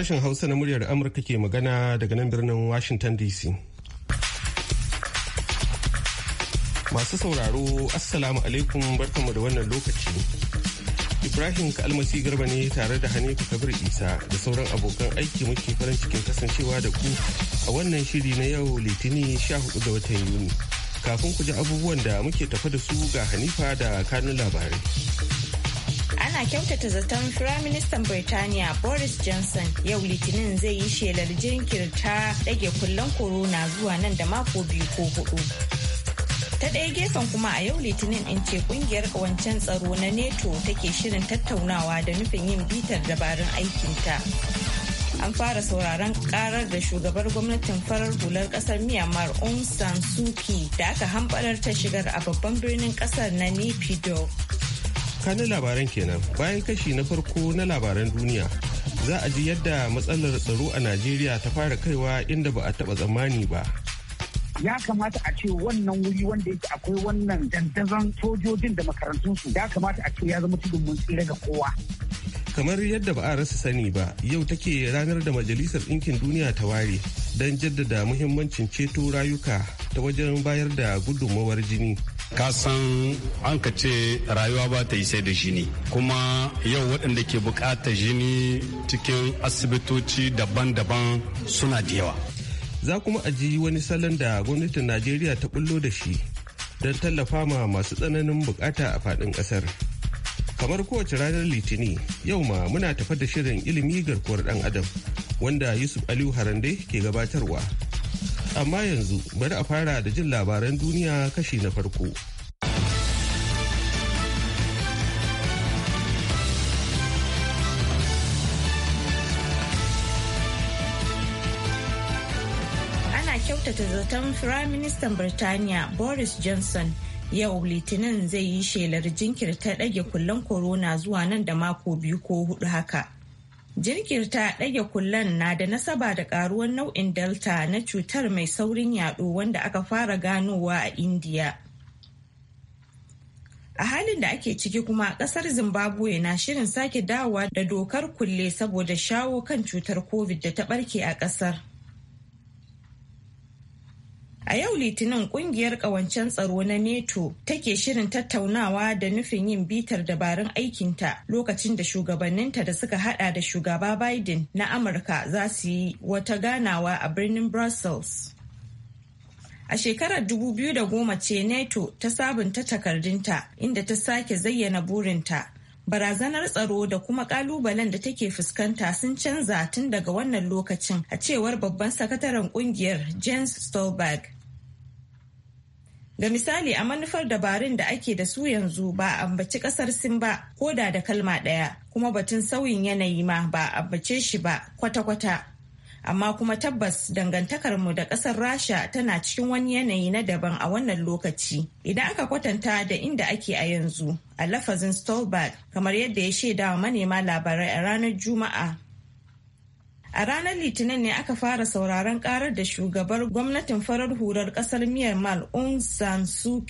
Sashen Hausa na muryar Amurka ke magana daga nan birnin Washington DC. Masu sauraro, Assalamu alaikum barkanmu da wannan lokaci. Ibrahim Kalmasi Garba ne tare da Hanifu Kabir Isa da sauran abokan aiki muke farin cikin kasancewa da ku a wannan shiri na yau Litini 14 ga watan Yuni. Kafin ku ji abubuwan da muke tafa da su ga Hanifa da kanun labarai. ana kyautata zaton firaministan birtaniya boris johnson yau litinin zai yi shelar jinkirta dage kullen korona zuwa nan da mako biyu ko hudu ta ɗaya gefen kuma a yau litinin in ce kungiyar kawancen tsaro na neto take shirin tattaunawa da nufin yin bitar dabarun aikinta an fara sauraron karar da shugabar gwamnatin farar hular kasar myanmar aung san suu da aka hambarar ta shigar a babban birnin kasar na naypyidaw kanin labaran kenan bayan kashi na farko na labaran duniya za a ji yadda matsalar tsaro a najeriya ta fara kaiwa inda ba a taba tsammani ba ya kamata a ce wannan wuri wanda yake akwai wannan dandazon sojojin da makarantunsu ya kamata a ce ya zama tudun mun tsira ga kowa kamar yadda ba a rasa sani ba yau take ranar da majalisar ɗinkin duniya ta ware don jaddada muhimmancin ceto rayuka ta wajen bayar da gudunmawar jini ka san an ka ce rayuwa ba ta yi sai da jini kuma yau waɗanda ke buƙatar jini cikin asibitoci daban-daban suna da yawa za kuma a ji wani salon da gwamnatin najeriya ta bullo da shi don tallafa ma masu tsananin bukata a faɗin ƙasar kamar kowace ranar litini yau ma muna tafa da shirin ilimi garkuwar ɗan adam wanda yusuf aliyu harande ke gabatarwa Amma yanzu bari a fara da jin labaran duniya kashi na farko. Ana kyautata zaton Firaministan Birtaniya Boris Johnson yau Litinin zai yi shelar jinkirta ɗage kullen corona zuwa nan da mako biyu ko hudu haka. Jirkirta ɗage kullen na da nasaba da ƙaruwar nau'in Delta na cutar mai saurin yaɗo wanda aka fara ganowa a Indiya. A halin da ake ciki kuma ƙasar Zimbabwe na shirin sake dawowa da dokar kulle saboda shawo kan cutar COVID da ta ɓarke a ƙasar. A yau Litinin kungiyar ƙawancen tsaro na NATO take shirin tattaunawa da nufin yin bitar dabarun aikinta lokacin da shugabanninta da suka hada da shugaba Biden na Amurka za su yi wata ganawa a birnin Brussels. A shekarar 2010 ce NATO ta sabunta takardunta inda ta sake zayyana burinta barazanar tsaro da kuma kalubalen da take fuskanta sun canza tun daga wannan lokacin a cewar babban sakataren kungiyar james stolberg ga misali a manufar dabarun da ake da su yanzu ba a ambaci kasar sin ba ko da da kalma ɗaya kuma batun sauyin yanayi ma ba a ambace shi ba kwata-kwata amma kuma tabbas dangantakarmu da ƙasar rasha tana cikin wani yanayi na daban a wannan lokaci idan aka kwatanta da inda ake a yanzu a lafazin stolberg kamar yadda ya shaida wa manema labarai a ranar juma'a a ranar litinin ne aka fara sauraron karar da shugabar gwamnatin farar hurar kasar myanmar aung san suu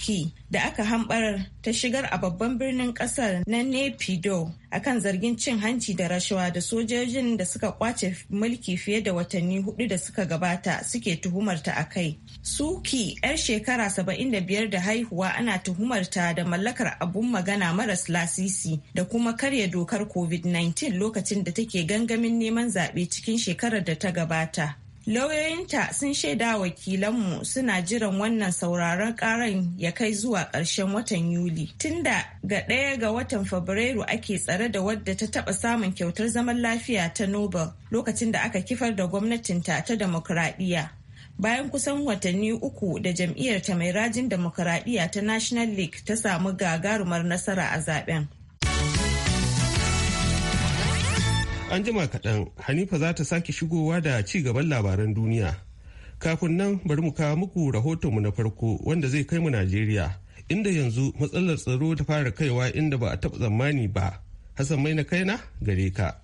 da aka hambarar ta shigar a babban birnin kasar na nepido akan zargin cin hanci da rashawa da sojojin da suka kwace mulki fiye da watanni hudu da suka gabata suke tuhumarta a kai suki yar shekara 75 da haihuwa ana tuhumarta da mallakar abun magana maras lasisi da kuma karya dokar covid-19 lokacin da take gangamin neman zaɓe cikin shekarar da ta gabata lauyoyinta sun shaida wakilanmu suna jiran wannan sauraron karan ya kai zuwa ƙarshen watan yuli tunda ga ɗaya ga watan fabrairu ake tsare da wadda ta taɓa samun kyautar zaman lafiya ta nobel lokacin da aka kifar da gwamnatinta ta demokuraɗiyya bayan kusan watanni uku da jam'iyyar ta mai rajin demokuraɗiyya ta national league ta samu gagarumar nasara a zaben An jima kaɗan Hanifa za ta sake shigowa da ci gaban labaran duniya. Kafin nan bari mu kawo muku rahotonmu na farko wanda zai kai mu Najeriya inda yanzu matsalar tsaro ta fara kaiwa inda ba a taɓa tsammani ba. Hassan mai na kaina gare ka.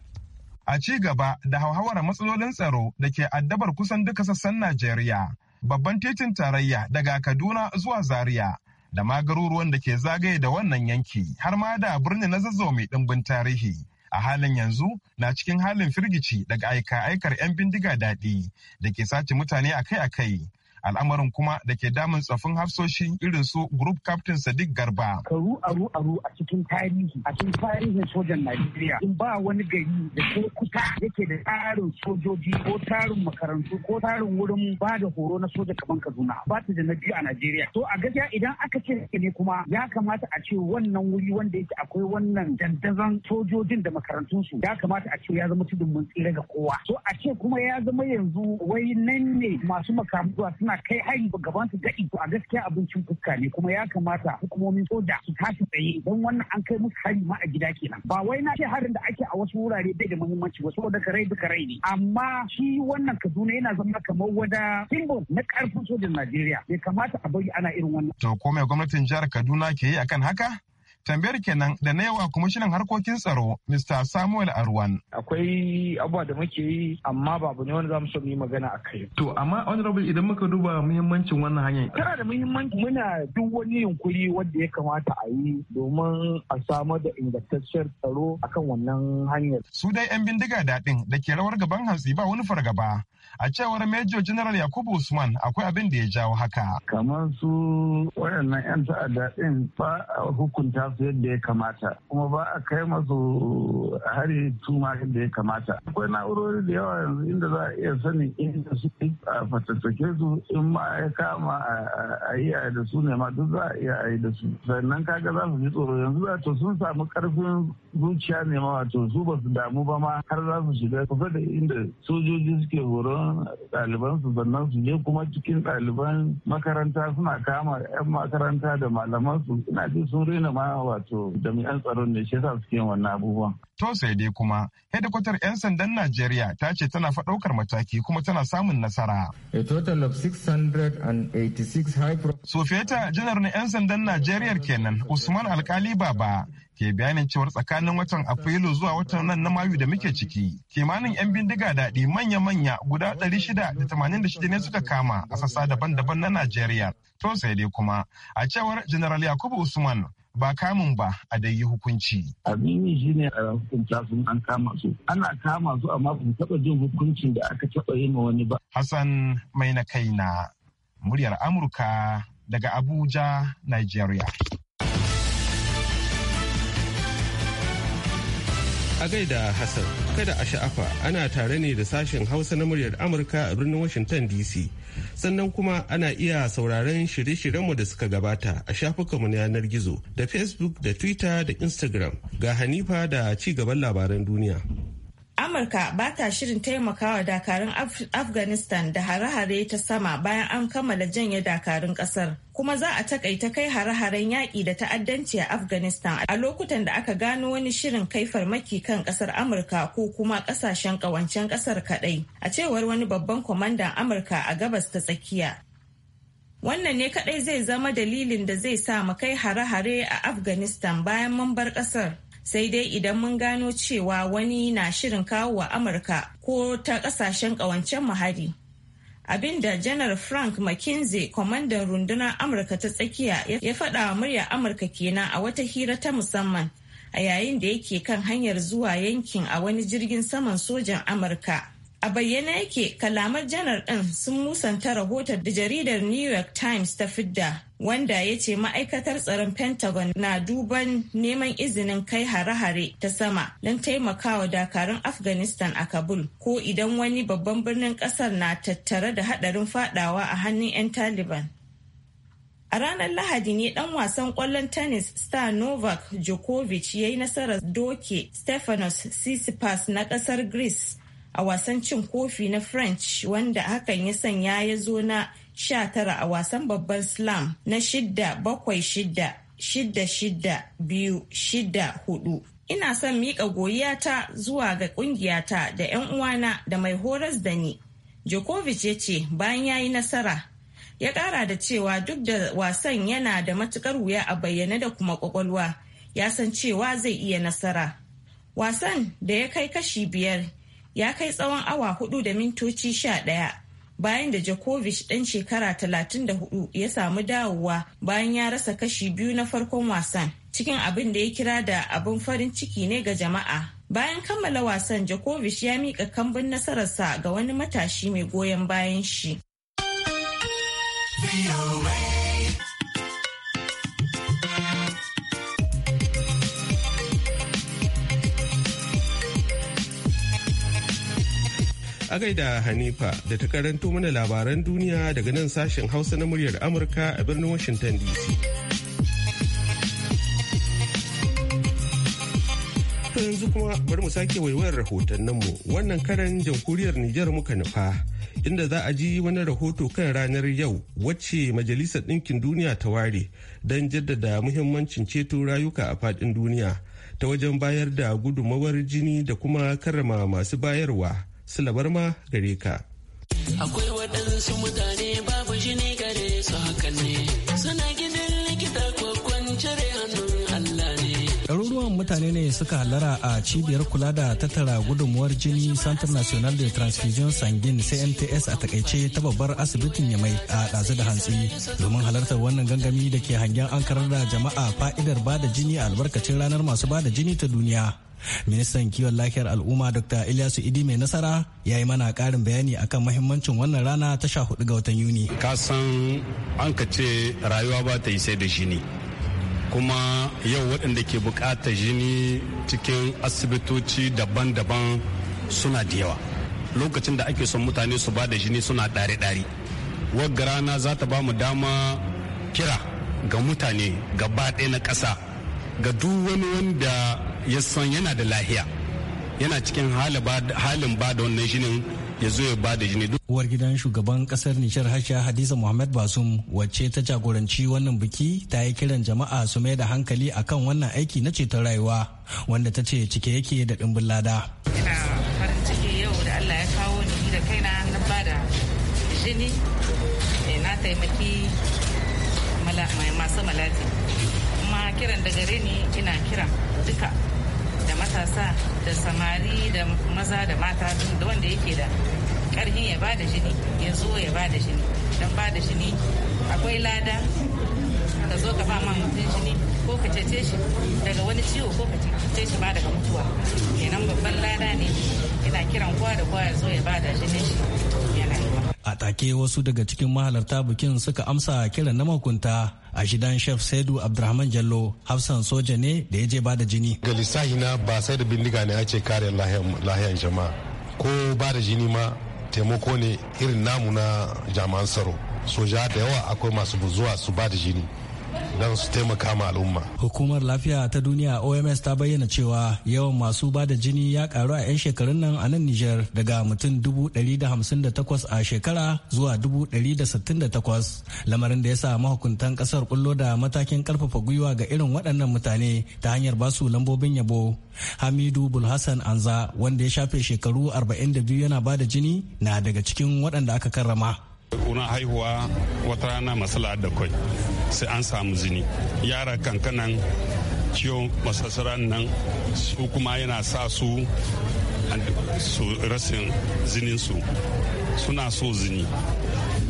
A ci gaba da hauhawar matsalolin tsaro da ke addabar kusan duka sassan Najeriya, babban titin tarayya daga Kaduna zuwa Zaria da ma garuruwan da ke zagaye da wannan yanki har ma da birnin na zazzau mai ɗimbin tarihi. a halin yanzu na cikin halin firgici daga aika aikar 'yan bindiga daɗi da ke sace mutane akai-akai al'amarin kuma da ke damun tsafin hafsoshin irin su group captain sadiq garba karu aru aru a cikin tarihi a cikin tarihin sojan najeriya in ba wani gari da ko yake da tsarin sojoji ko tarin makarantu ko tarin wurin ba da horo na soja kaman kaduna ba ta da na biyu a najeriya to a gaskiya idan aka ce ne kuma ya kamata a ce wannan wuri wanda yake akwai wannan dandazon sojojin da makarantun su. ya kamata a ce ya zama tudun mun tsira ga kowa to a ce kuma ya zama yanzu wai nan ne masu makamu suna suna kai harin gaban su gaɗi to a gaskiya abincin fuska ne kuma ya kamata hukumomin soja su tashi tsaye don wannan an kai musu hari ma a gida kenan ba wai na ce harin da ake a wasu wurare bai da muhimmanci ba saboda rai duka rai ne amma shi wannan Kaduna yana zama kamar wada simbol na karfin sojan Najeriya bai kamata a bari ana irin wannan to ko mai gwamnatin jihar Kaduna ke yi akan haka Tambayar kenan da na yawa kwamishinan harkokin tsaro Mr. Samuel Arwan. Akwai abubuwa da muke yi amma babu ne wani za mu so mu yi magana a kai. To amma honorable idan muka duba muhimmancin wannan hanyar. Tana da muhimmanci muna duk wani yunkuri wanda ya kamata a yi domin a samar da ingantacciyar tsaro akan wannan hanyar. Su dai 'yan bindiga daɗin da ke rawar gaban hatsi ba wani fargaba. a cewar major general yakubu usman akwai abin da ya jawo haka kamar su waɗannan 'yan ta'adda ɗin ba a hukunta su yadda ya kamata kuma ba a kai masu hari tuma yadda ya kamata akwai na'urori da yawa yanzu inda za a iya sanin inda su a fatattake su in ma ya kama a yi a da su ne ma duk za a iya a yi da su sannan kaga za su ji tsoro yanzu za to sun samu karfin zuciya ne ma wato su ba su damu ba ma har za su shiga kusa da inda sojoji suke horon ɗaliban su sannan su je kuma cikin ɗaliban makaranta suna kama 'yan makaranta da malaman su ina ji sun rena ma wato jami'an tsaron ne shi yasa suke wannan abubuwan. To sai dai kuma hedikwatar 'yan sandan Najeriya ta ce tana faɗaukar mataki kuma tana samun nasara. A total of 686 high profile. Sofeta janar na 'yan sandan Najeriya kenan Usman Alkali Baba ke bayanin cewar tsakanin watan Afrilu zuwa watan nan na Mayu da muke ciki. Kimanin 'yan bindiga daɗi manya-manya guda 686 ne suka kama a sassa daban-daban na Najeriya. To sai dai kuma a cewar General Yakubu Usman ba kamun ba a dai yi hukunci. Abin shi ne a hukunta sun an kama su. Ana kama su amma ba taɓa jin hukuncin da aka taɓa yi ma wani ba. Hassan mai na kai na muryar Amurka daga Abuja, Nigeria. A gaida Hassan, kada a sha'afa ana tare ne da sashen Hausa na muryar Amurka a birnin Washington DC. Sannan kuma ana iya sauraron shirye-shiryenmu da suka gabata a mu na yanar gizo da Facebook da Twitter da Instagram ga Hanifa da ci gaban labaran duniya. amurka ba ta shirin taimakawa dakarun afghanistan da hare-hare ta sama bayan an kammala janye dakarun kasar kuma za a takaita kai hare-haren yaƙi da ta'addanci a afghanistan a lokutan da aka gano wani shirin kai farmaki kan kasar amurka ko kuma kasashen ƙawancen kasar kaɗai a cewar wani babban kwamandan amurka a gabas ta tsakiya wannan ne kaɗai zai zama dalilin da zai sa mu kai hare-hare a afghanistan bayan mun bar ƙasar sai dai idan mun gano cewa wani na shirin kawo wa amurka ko ta kasashen kawancen mahari abinda janar frank mckinsey kwamandan rundunar amurka ta tsakiya ya faɗa wa murya amurka kenan a wata hira ta musamman a yayin da yake kan hanyar zuwa yankin a wani jirgin saman sojan amurka a bayyana yake kalamar janar ɗin sun musanta rahoton da jaridar new york times ta fidda wanda ya ce ma'aikatar tsaron pentagon na duban neman izinin kai hare-hare ta sama don taimakawa dakarun afghanistan a kabul ko idan wani babban birnin kasar na tattare da hadarin fadawa a hannun 'yan taliban a ranar lahadi ne dan wasan kwallon tennis star novak djokovic ya yi nasarar doke stephanos sisipas na kasar greece a wasan cin kofi na french wanda hakan ya sanya ya zo na Sha tara a wasan babban slam na shidda bakwai shidda shidda shidda biyu shidda hudu. Ina son miƙa goyiyata zuwa ga ƙungiyata da 'yan uwana da mai horas da ni. Djokovic ya ce bayan ya yi nasara. Ya ƙara da cewa duk da wasan yana da matuƙar wuya a bayyane da kuma ƙwaƙwalwa, ya san cewa zai iya nasara. Wasan da ya kai kashi biyar ya kai tsawon awa hudu da mintoci sha ɗaya. bayan da Djokovic ɗan shekara 34 ya samu dawowa bayan ya rasa kashi biyu na farkon wasan cikin abin da ya kira da abin farin ciki ne ga jama'a. Bayan kammala wasan Djokovic ya mika kambun nasararsa ga wani matashi mai goyon bayan shi. A da Hanifa da ta karanto mana labaran duniya daga nan sashen Hausa na muryar Amurka a birnin Washington DC. yanzu kuma bari mu sake waiwayar rahotanninmu wannan karan jamhuriyar Nijar muka nufa inda za a ji wani rahoto kan ranar yau wacce majalisar ɗinkin duniya ta ware don jaddada muhimmancin ceto rayuka a faɗin duniya ta wajen bayar da gudummawar jini da kuma karrama masu bayarwa. silabar ma gare ka akwai waɗansu mutane babu shi ne gare su haka ne suna gidan likita ko kwanciyar hannun Allah ne ɗaruruwan mutane ne suka halara a cibiyar kula da tattara gudunmuwar jini Centre National de Transfusion Sanguine CNTS a takaice ta babbar asibitin Yamai a ɗazu da hantsi domin halartar wannan gangami da ke hangen an karar da jama'a fa'idar bada jini a albarkacin ranar masu bada jini ta duniya. ministan kiwon lafiyar al'umma dr ilyasu idi mai nasara ya yi mana karin bayani akan mahimmancin wannan rana ta sha hudu ga watan yuni ka san an ka ce rayuwa ba ta yi sai da jini kuma yau waɗanda ke bukatar jini cikin asibitoci daban-daban suna da yawa lokacin da ake son mutane su ba da jini suna ɗare-ɗare wagga rana za ta ba mu dama kira ga mutane gaba ɗaya na ƙasa ga duk wani wanda ya san yana da lahiya yana cikin halin ba da wannan jinin ya zo ya ba da jini. Uwar gidan shugaban kasar Nishar Hasha Hadiza Muhammad Basum wacce ta jagoranci wannan biki ta yi kiran jama'a su mai da hankali akan wannan aiki na ceton rayuwa wanda ta ce cike yake da ɗimbin lada. Ina farin ciki yau da Allah ya kawo ni da kaina na ba jini eh, na taimaki masu malati. Kuma kiran da gare ni ina kira duka da matasa da samari da maza da mata da wanda yake da karhin ya bada jini ya zo ya bada jini don bada jini akwai lada ka zo ka ba ma mutum jini ko ka cece shi daga wani ciwo ko ka cece shi ba daga mutuwa kenan babban lada ne ina kiran kowa da kowa ya zo ya bada da shi a take wasu daga cikin mahalarta bikin suka amsa kiran na mahukunta a shidan chef saidu abdurrahman jallo hafsan soja ne da ya je ba da jini ga lissahi na ba sai da bindiga ne ake kare lahiyan jama'a ko ba da jini ma taimako ne irin namu na jami'an tsaro soja da yawa akwai masu zuwa su ba da jini don su taimaka ma al'umma. Hukumar lafiya ta duniya OMS ta bayyana cewa yawan masu ba da jini ya karu a 'yan shekarun nan a nan Nijar daga mutum 158 a shekara zuwa 168 lamarin da ya sa mahukuntan kasar kullo da matakin karfafa gwiwa ga irin waɗannan mutane ta hanyar basu lambobin yabo. Hamidu Bulhassan Anza wanda ya shafe shekaru 42 yana ba da jini na daga cikin waɗanda aka karrama. Una haihuwa wata rana masala da kwai sai an samu zini. Yara kankanan ciwon masasaran nan su kuma yana sa su su rasin zininsu suna so zini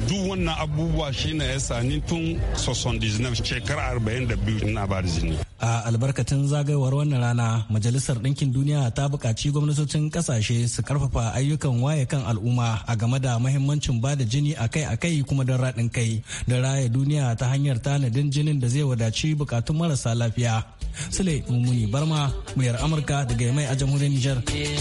duk wannan abubuwa shine ya sani tun 79 shekara 42 na ba da jini a albarkatun zagayowar wannan rana majalisar ɗinkin duniya ta buƙaci gwamnatocin ƙasashe su karfafa ayyukan waye kan al'umma a game da mahimmancin ba da jini akai-akai kuma don raɗin kai da raya duniya ta hanyar tanadin jinin da zai wadaci buƙatun marasa lafiya sule mummuni barma muyar amurka daga mai a jamhuriyar nijar. Eh,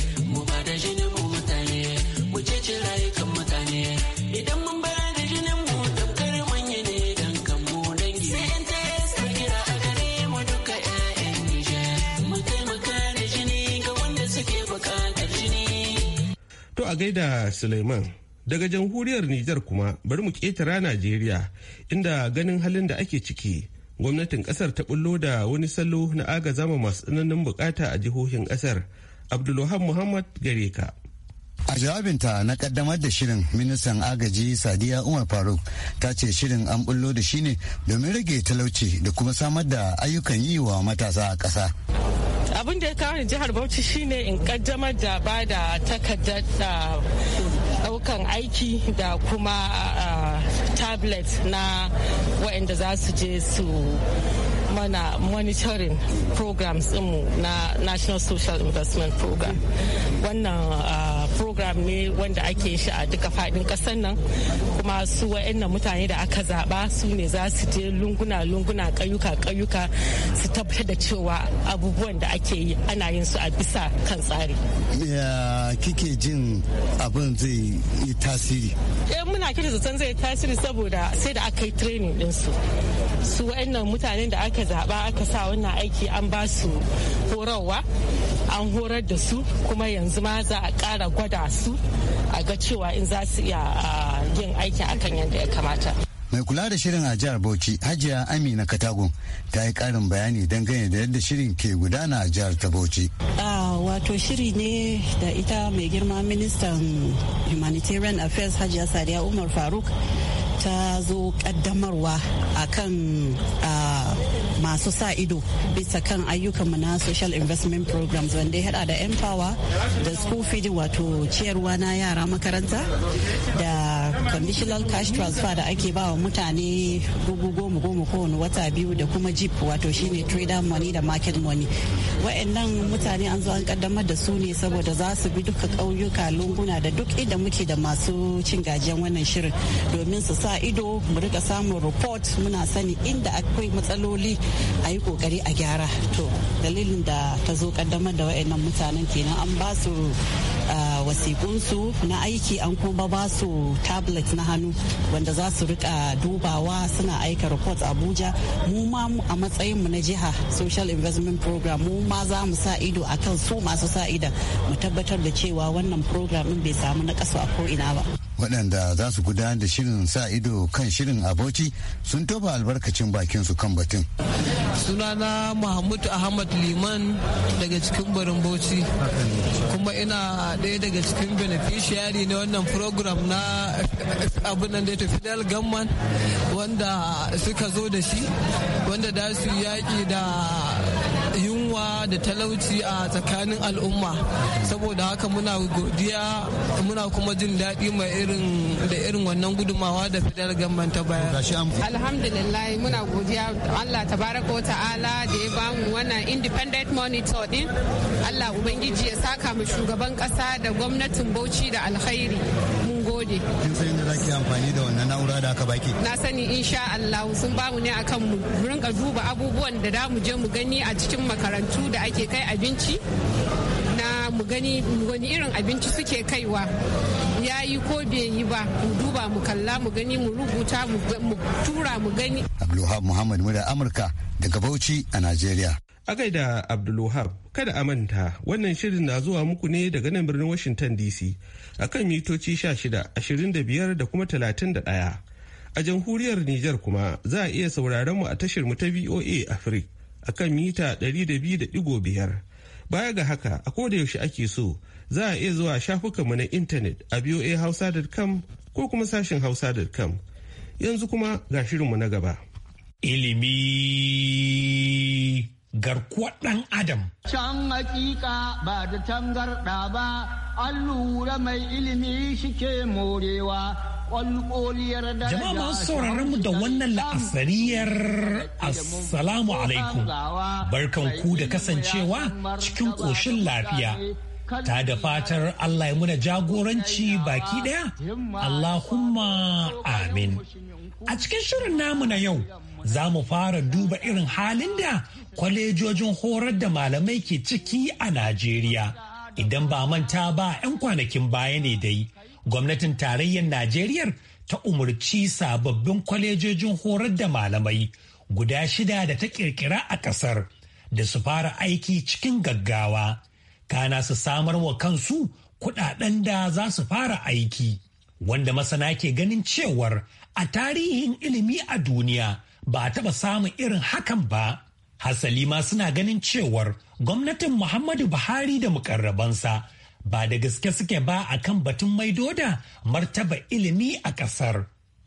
a gaida Suleiman. Daga jamhuriyar Nijar kuma bari mu ƙetara Najeriya inda ganin halin da ake ciki gwamnatin kasar ta bullo da wani salo na agazama masu tsananin bukata a jihohin kasar. Abdulwahab Muhammad Gareka. A jawabinta na kaddamar da shirin ministan agaji Sadiya Umar Faruk ta ce shirin an bullo da shi ne domin rage talauci da kuma samar da ayyukan yi wa matasa a ƙasa. abin da ya kawo ni jihar bauchi shine in kaddamar da ba da takardar daukan ah, aiki da kuma ah, tablet na waɗanda za su je su mana monitoring programs mu na national social investment program wannan ah, program ne wanda ake shi a duka faɗin ƙasar nan kuma su wa'annan mutane da aka zaɓa su ne za su je lunguna-lunguna ƙauyuka-ƙauyuka su tabbatar da cewa abubuwan da ake yi ana yin su a bisa kan tsari. kike jin abin zai yi tasiri? Eh muna kira zaton zai tasiri saboda sai da aka yi training din su su wa'annan mutanen da aka zaɓa aka sa wannan aiki an ba su horarwa an horar da su kuma yanzu ma za a ƙara gwada gwada su a ga cewa in za su iya yin aiki akan yadda ya kamata mai kula da shirin a jihar bauchi hajiya amina katago ta yi karin bayani dangane da yadda shirin ke gudana a jihar ta bauchi wato shiri ne da ita mai girma ministan humanitarian affairs hajiya sadiya umar faruk ta zo kaddamarwa a kan masu sa ido bisa kan ayyukanmu na social investment programs wanda ya hada da empower da school feeding wato ciyarwa na yara makaranta da conditional cash transfer da ake ba wa mutane dubu goma goma kowane wata biyu da kuma jeep wato shine trader money da market money wa'annan mutane an zo an kaddamar da su ne saboda za su bi duka ƙauyuka lunguna da duk inda muke da masu cin gajiyan wannan shirin domin su sa ido mu rika samun report muna sani inda akwai matsaloli a yi kokari a gyara to dalilin da ta zo kaddamar da wa'annan mutanen kenan an ba su wasiƙunsu na aiki an kuma ba su tablet na hannu wanda za su rika dubawa suna aika report abuja mu ma a matsayin mu na jiha social investment program mu ma za mu sa ido akan su masu sa idan mu tabbatar da cewa wannan program bai samu na a ko ina ba waɗanda za su gudanar da shirin sa ido kan shirin a sun toba albarkacin bakin su kan batun. sunana mahmud ahmad liman daga cikin barin bauchi kuma ina ɗaya daga cikin beneficiary na wannan program na abinan da ta fidel gamman wanda suka zo da shi wanda da su yaƙi da da talauci a tsakanin al'umma saboda haka muna godiya muna kuma jin daɗi ma irin da irin wannan gudumawa da fidar gamban ta bayar alhamdulillah muna godiya Allah tabaraka ta'ala da ya bamu wannan independent monitor din Allah ubangiji ya saka mu shugaban kasa da gwamnatin Bauchi da alkhairi gode. Kin san yadda zaki amfani da wannan na'ura da aka baki? Na sani insha Allah sun bamu mu ne akan mu rinka duba abubuwan da damu mu je mu gani a cikin makarantu da ake kai abinci na mu gani wani irin abinci suke kaiwa ya yi ko bai yi ba mu duba mu kalla mu gani mu rubuta mu tura mu gani. abdulhamid Muhammad Muda Amurka daga Bauchi a Najeriya. A gaida Abdulwahab kada a manta wannan shirin na zuwa muku ne daga nan birnin Washington DC a kan mitoci 16, 25 da kuma 31. A jamhuriyar Nijar kuma za a iya sauraron mu a tashar mu ta VOA a akan mita 200.5. Baya ga haka a koda yaushe ake so za a iya zuwa shafukanmu na intanet a voahausa.com ko kuma sashin hausa.com. Yanzu kuma ga shirinmu na gaba. Ilimi garkuwar ɗan adam. Can hakika ba da tangarɗa ba, an lura mai ilimi shike morewa. Jama'a masu sauraron mu da wannan la'asariyar Assalamu alaikum. Barkan ku da kasancewa cikin ƙoshin lafiya. Ta da fatar Allah ya muna jagoranci baki ɗaya, Allahumma amin. A cikin shirin namu na yau, za mu fara duba irin halin da kwalejojin horar da malamai ke ciki a Najeriya. Idan ba manta ba 'yan kwanakin baya ne dai, gwamnatin tarayyar Najeriya ta umarci sababbin kwalejojin horar da malamai guda shida da ta kirkira a ƙasar da su fara aiki cikin gaggawa. Kana su samar wa kansu kuɗaɗen da za su fara aiki. Wanda masana ke ganin cewar a tarihin ilimi a duniya ba a taɓa samun irin hakan ba. Hasali ma suna ganin cewar gwamnatin Muhammadu Buhari da mukarrabansa ba da gaske suke ba a kan batun maido da martaba ilimi a ƙasar.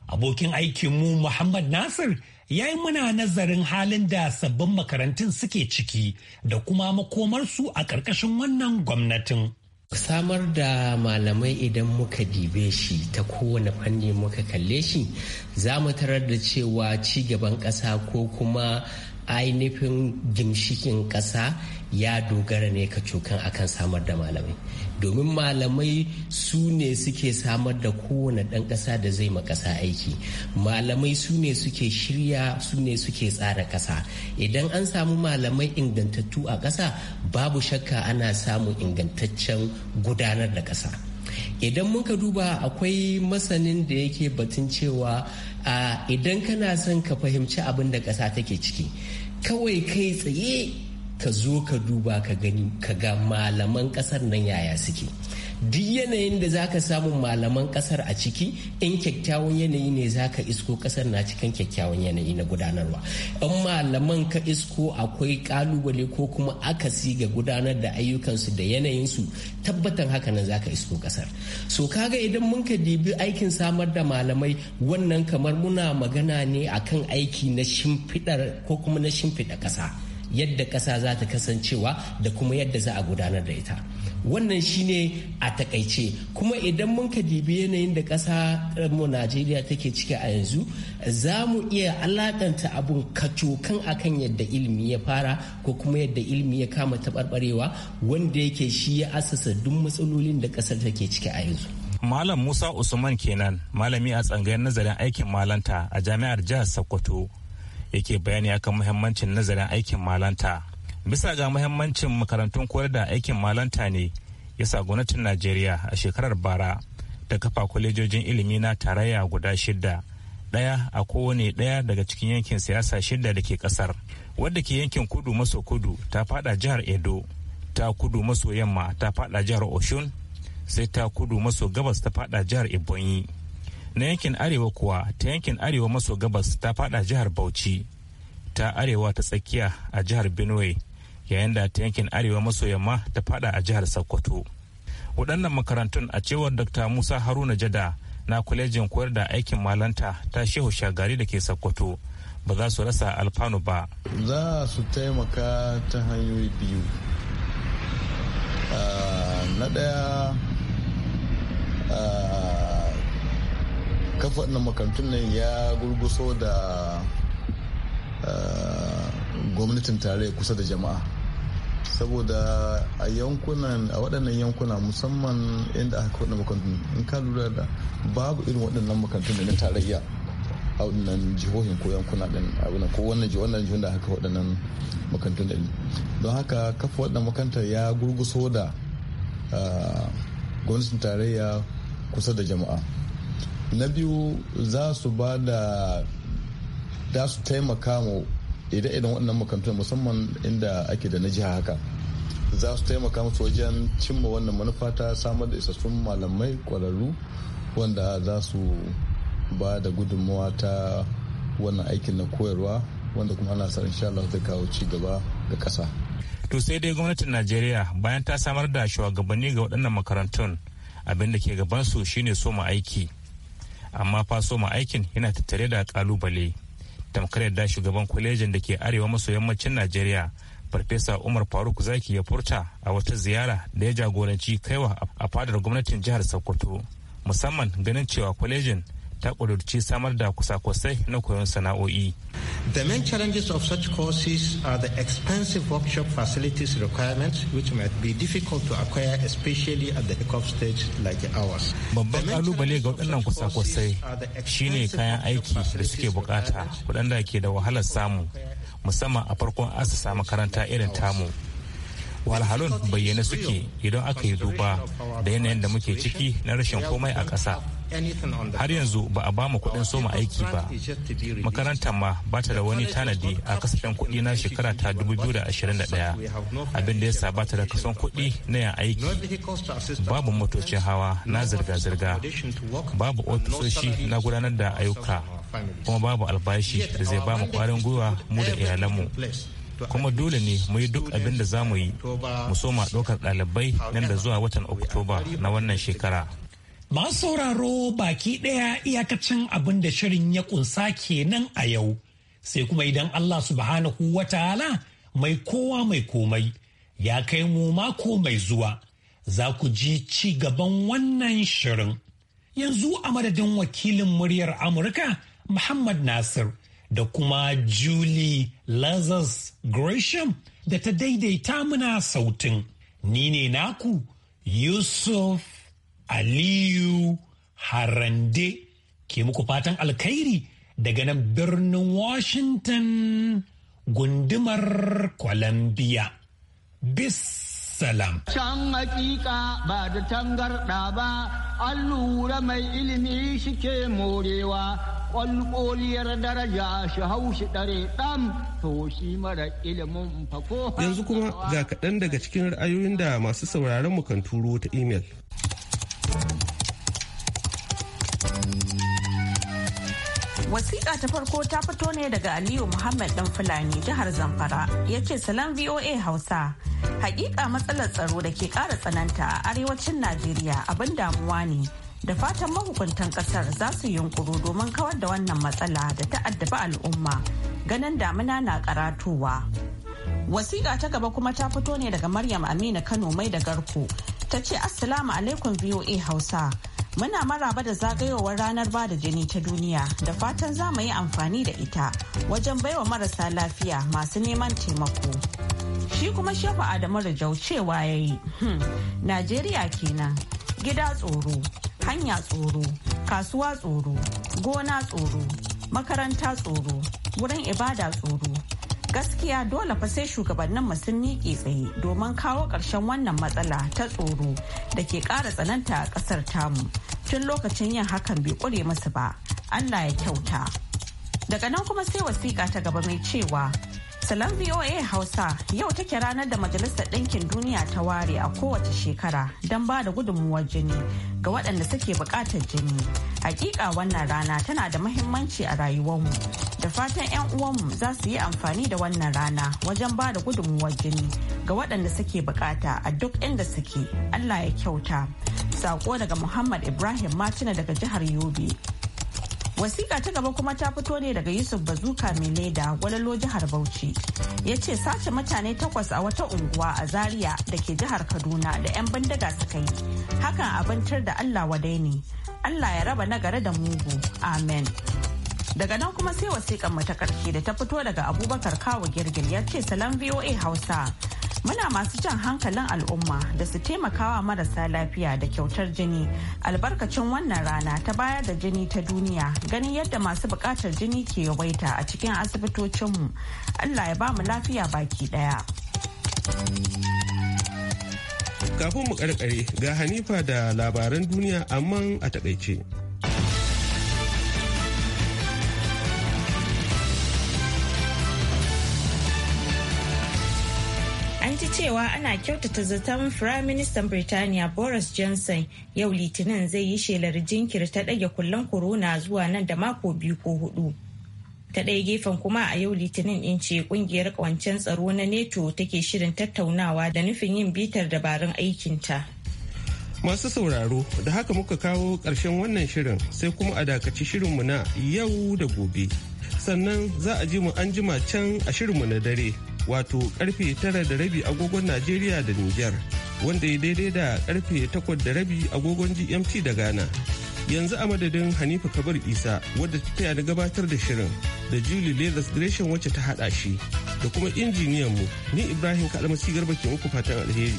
Abokin aikinmu Muhammad Nasir ya yi muna nazarin halin da sabbin makarantun suke ciki da kuma makomarsu a ƙarƙashin wannan gwamnatin. samar da malamai idan muka dibe shi ta kowane fanni muka kalle shi za mu tarar da cewa ci gaban ƙasa ko kuma ainihin ginshikin ƙasa ya dogara ne ka cokan akan samar da malamai domin malamai su ne suke samar da kowane ɗan ƙasa da zai ma ƙasa aiki malamai su ne suke shirya su ne suke tsara ƙasa idan an samu malamai ingantattu a ƙasa babu shakka ana samun ingantaccen gudanar da ƙasa idan muka duba akwai masanin da yake batun cewa idan kana son ka fahimci abin da ƙasa take ciki 可畏，可以。ka zo ka duba ka gani ka ga malaman kasar nan yaya suke duk yanayin da za ka samu malaman kasar a ciki in kyakkyawan yanayi ne za ka isko kasar na cikin kyakkyawan yanayi na gudanarwa in malaman ka isko akwai kalubale ko kuma akasi ga gudanar da ayyukansu da yanayinsu tabbatan haka nan za ka isko kasar so kaga idan mun ka dibi aikin samar da malamai wannan kamar muna magana ne akan aiki na shimfiɗar ko kuma na shimfiɗa ƙasa. yadda ƙasa za ta kasancewa da kuma yadda za a gudanar da ita wannan shine a takaice kuma idan mun ka dibi yanayin da ƙasa mu najeriya take ciki a yanzu za mu iya alaƙanta abun kacokan akan yadda ilimi ya fara ko kuma yadda ilimi ya kama taɓarɓarewa wanda yake shi ya asasa duk matsalolin da ƙasar take ciki a yanzu malam musa usman kenan malami a tsangayar nazarin aikin malanta a jami'ar jihar sokoto yake bayani akan muhimmancin nazarin aikin malanta bisa ga muhimmancin makarantun koyar da aikin malanta ne ya sa gwamnatin najeriya a shekarar bara ta kafa kwalejojin ilimi na tarayya guda shida ɗaya a kowane ɗaya daga cikin yankin siyasa shida da ke ƙasar wadda ke yankin kudu maso kudu ta fada jihar edo ta kudu maso yamma ta fada jihar oshun sai ta kudu maso gabas ta fada jihar ebonyi na yankin arewa kuwa ta yankin arewa maso gabas ta fada jihar bauchi ta arewa ta tsakiya a jihar benue yayin da ta yankin arewa maso yamma ta fada a jihar sokoto waɗannan makarantun a cewar dr musa haruna jada na kwalejin koyar da aikin malanta ta shehu shagari da ke sokoto ba za su rasa alfanu ba za su taimaka ta hanyoyi biyu ah, na ɗaya ah, kafa na makarantun nan ya gurguso da eh, gwamnatin tarayya kusa da jama'a saboda a yankunan a waɗannan yankuna musamman inda aka kafa makarantun in ka lura da babu irin waɗannan makarantun da na tarayya a waɗannan jihohin ko yankuna ɗin abin ko wannan jihohin da da kafa waɗannan makarantun ɗin don haka kafa waɗannan makarantar ya gurguso da eh, gwamnatin tarayya kusa da jama'a na biyu za su ba da da su taimaka mu idan idan waɗannan makamtar musamman inda ake da na jiha haka za su taimaka musu wajen cimma wannan manufa ta samar da isassun malamai kwararru wanda za su ba da gudunmawa ta wannan aikin na koyarwa wanda kuma ana sa insha Allah zai kawo ci gaba ga ƙasa. To sai dai gwamnatin Najeriya bayan ta samar da shugabanni ga waɗannan makarantun abin da ke gaban su shine soma aiki. amma faso ma aikin yana tattare da kalubale tamkar yadda shugaban kwalejin da ke arewa maso yammacin najeriya farfesa umar faruk zaki ya furta a wata ziyara da ya jagoranci kaiwa a fadar gwamnatin jihar sokoto musamman ganin cewa kwalejin ta ƙudurci samar da kusa-kusai na koyon sana'o'i. The main challenges of such courses are the expensive workshop facilities requirements which might be difficult to acquire especially at the hiccup stage like ours. Babban kalubale ga waɗannan kusa-kusai shine kayan aiki da suke bukata waɗanda ke da wahalar samu musamman a farkon asasa makaranta irin tamu. walhalun bayyana suke idan aka yi duba da yanayin da muke ciki na rashin komai a ƙasa har yanzu ba a bamu kuɗin soma aiki ba makarantar ma ba ta da wani tanadi a kasafin kuɗi na shekara ta 2021 abin da ya sa ba ta da kason kuɗi na yin aiki babu motocin hawa na zirga-zirga babu ofisoshi na gudanar da ayyuka kuma babu albashi da zai ba mu kwarin gwiwa mu da iyalanmu kuma dole ne mu yi duk abin da za mu yi mu soma ɗaukar ɗalibai nan da zuwa watan oktoba na wannan shekara masu sauraro baki ɗaya iyakacin abin da shirin ya kunsa kenan a yau sai kuma idan allah subhanahu ta'ala mai kowa mai komai ya kai mu mako mai zuwa za ku ji ci gaban wannan shirin yanzu a madadin wakilin muryar amurka muhammad nasir da kuma Julie Lazarus Gresham da ta daidaita muna sautin. Ni ne naku Yusuf Aliyu Harande ke muku fatan alkhairi daga nan birnin Washington gundumar Columbia. Bis salam. Can hakika ba da tangarda ba, an lura mai ilimi shike morewa kwalkoliyar daraja shi haushi ɗare dam to shi mara ilimin fako. Yanzu kuma ga kaɗan daga cikin ra'ayoyin da masu sauraron mu kan turo ta imel. Wasiƙa ta farko ta fito ne daga Aliyu Muhammad ɗan Fulani jihar Zamfara ya ce salam VOA Hausa. Hakika matsalar tsaro da ke ƙara tsananta a arewacin Najeriya abin damuwa ne. da fatan mahukuntan kasar za su yunkuru domin kawar da wannan matsala da ta al'umma ganin damina na karatuwa Wasiƙa ta gaba kuma ta fito ne daga Maryam Amina Kano mai da garko ta ce Assalamu alaikum VOA Hausa. Muna maraba da zagayowar ranar bada jini ta duniya da fatan za mu yi amfani da ita wajen baiwa marasa lafiya masu neman taimako. Shi kuma Shehu Adamu Rajau cewa ya yi, hmm, Najeriya kenan, gida tsoro. hanya tsoro kasuwa tsoro gona tsoro makaranta tsoro wurin ibada tsoro gaskiya dole fa sai shugabannin sun miƙe tsaye domin kawo ƙarshen wannan matsala ta tsoro da ke ƙara tsananta a ƙasar tamu tun lokacin yin hakan bai ƙure musu ba allah ya kyauta daga nan kuma sai wasiƙa ta gaba mai cewa Salon VOA Hausa yau take ranar da Majalisar Ɗinkin Duniya ta ware a kowace shekara don ba da gudunmuwar jini ga waɗanda suke buƙatar jini. Hakika wannan rana tana da muhimmanci a rayuwarmu. Da fatan 'yan uwanmu za su yi amfani da wannan rana wajen ba da gudunmuwar jini ga waɗanda suke buƙata a duk inda suke. Allah ya kyauta. saƙo daga Muhammad Ibrahim Matina daga jihar Yobe. wasiƙa ta gaba kuma ta fito ne daga yusuf bazuka mai leda walalo jihar bauchi ya ce sace mutane takwas a wata unguwa a zaria da ke jihar kaduna da 'yan bindiga suka yi hakan abintar da allah wadai ne allah ya raba nagari da mugu amen daga nan kuma sai wasiƙan mu ta ƙarshe da ta fito daga abubakar kawo girgin ya ce salam voa hausa Muna masu jan hankalin al'umma da su taimakawa marasa lafiya da kyautar jini albarkacin wannan rana ta bayar da jini ta duniya ganin yadda masu bukatar jini ke yawaita a cikin asibitocinmu. Allah ya ba mu lafiya baki daya. Kafin mu karkare ga Hanifa da labaran duniya amma a takaice. An ji cewa ana kyautata zaton ministan Birtaniya Boris Johnson yau Litinin zai yi shelar jinkir ta ɗage kullen korona zuwa nan da mako biyu ko hudu. Ta ɗaya gefen kuma a yau Litinin in ce ƙungiyar ƙawancen tsaro na neto take shirin tattaunawa da nufin yin bitar dabarun aikinta. Masu sauraro da haka muka kawo ƙarshen wannan shirin sai kuma a dakaci shirinmu na yau da gobe. Sannan za a ji mu an jima can a shirinmu na dare. wato karfe tara da rabi agogon Najeriya da Niger wanda ya daidai da karfe takwas da rabi agogon GMT da Ghana. Yanzu a madadin Hanifa kabir Isa wadda ta taya da gabatar da shirin da Julie Leathers Gresham wacce ta hada shi da kuma injiniyan mu ni Ibrahim Kalmasi Garba ke muku fatan alheri.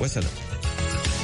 Wasalam.